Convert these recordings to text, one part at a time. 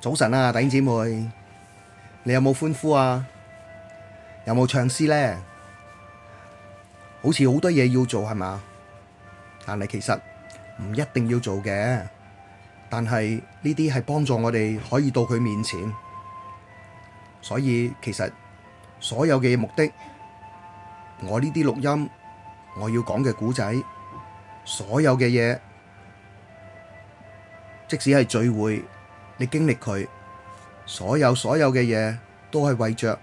早晨啊，弟兄姊妹，你有冇歡呼啊？有冇唱詩咧？好似好多嘢要做係嘛？但係其實唔一定要做嘅，但係呢啲係幫助我哋可以到佢面前。所以其實所有嘅目的，我呢啲錄音，我要講嘅古仔，所有嘅嘢，即使係聚會。你經歷佢所有所有嘅嘢，都係為着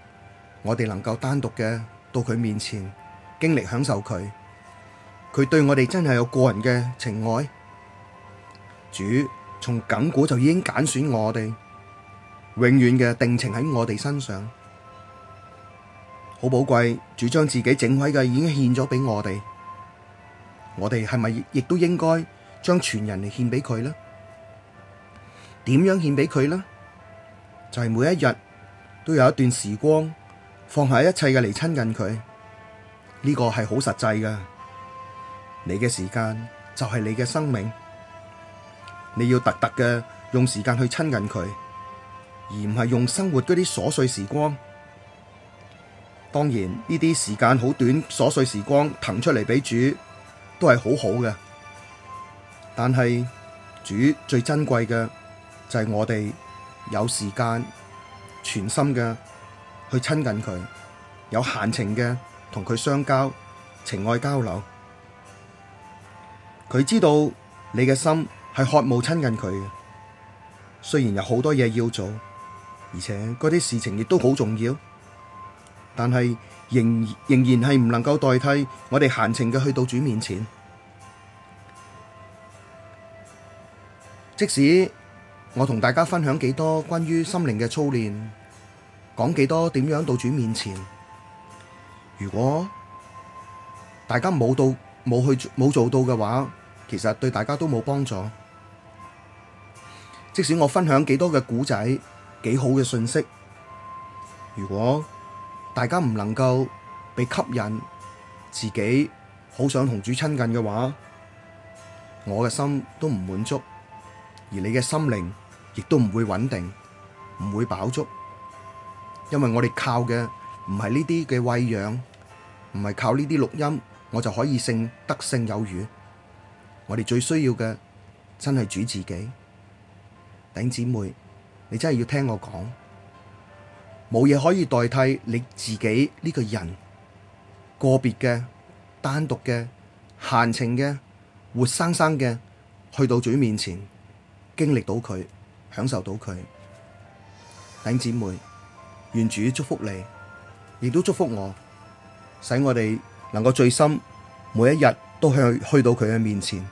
我哋能夠單獨嘅到佢面前經歷享受佢，佢對我哋真係有個人嘅情愛。主從亙古就已經揀選我哋，永遠嘅定情喺我哋身上，好寶貴。主將自己整個嘅已經獻咗俾我哋，我哋係咪亦都應該將全人嚟獻俾佢呢？點樣獻俾佢啦？就係每一日都有一段時光，放下一切嘅，嚟親近佢，呢個係好實際噶。你嘅時間就係你嘅生命，你要特特嘅用時間去親近佢，而唔係用生活嗰啲瑣碎時光。當然呢啲時間好短，瑣碎時光騰出嚟，俾主都係好好嘅，但係主最珍貴嘅。就係我哋有時間全心嘅，去親近佢，有閒情嘅同佢相交情愛交流。佢知道你嘅心係渴望親近佢嘅，雖然有好多嘢要做，而且嗰啲事情亦都好重要，但係仍仍然係唔能夠代替我哋閒情嘅去到主面前，即使。我同大家分享幾多關於心靈嘅操練，講幾多點樣到主面前。如果大家冇到冇去冇做到嘅話，其實對大家都冇幫助。即使我分享幾多嘅古仔，幾好嘅信息，如果大家唔能夠被吸引，自己好想同主親近嘅話，我嘅心都唔滿足，而你嘅心靈。亦都唔會穩定，唔會飽足，因為我哋靠嘅唔係呢啲嘅餵養，唔係靠呢啲錄音，我就可以勝得勝有餘。我哋最需要嘅真係主自己，頂姊妹，你真係要聽我講，冇嘢可以代替你自己呢個人，個別嘅、單獨嘅、閒情嘅、活生生嘅，去到主面前，經歷到佢。享受到佢，弟兄姊妹，願主祝福你，亦都祝福我，使我哋能夠醉心，每一日都去去到佢嘅面前。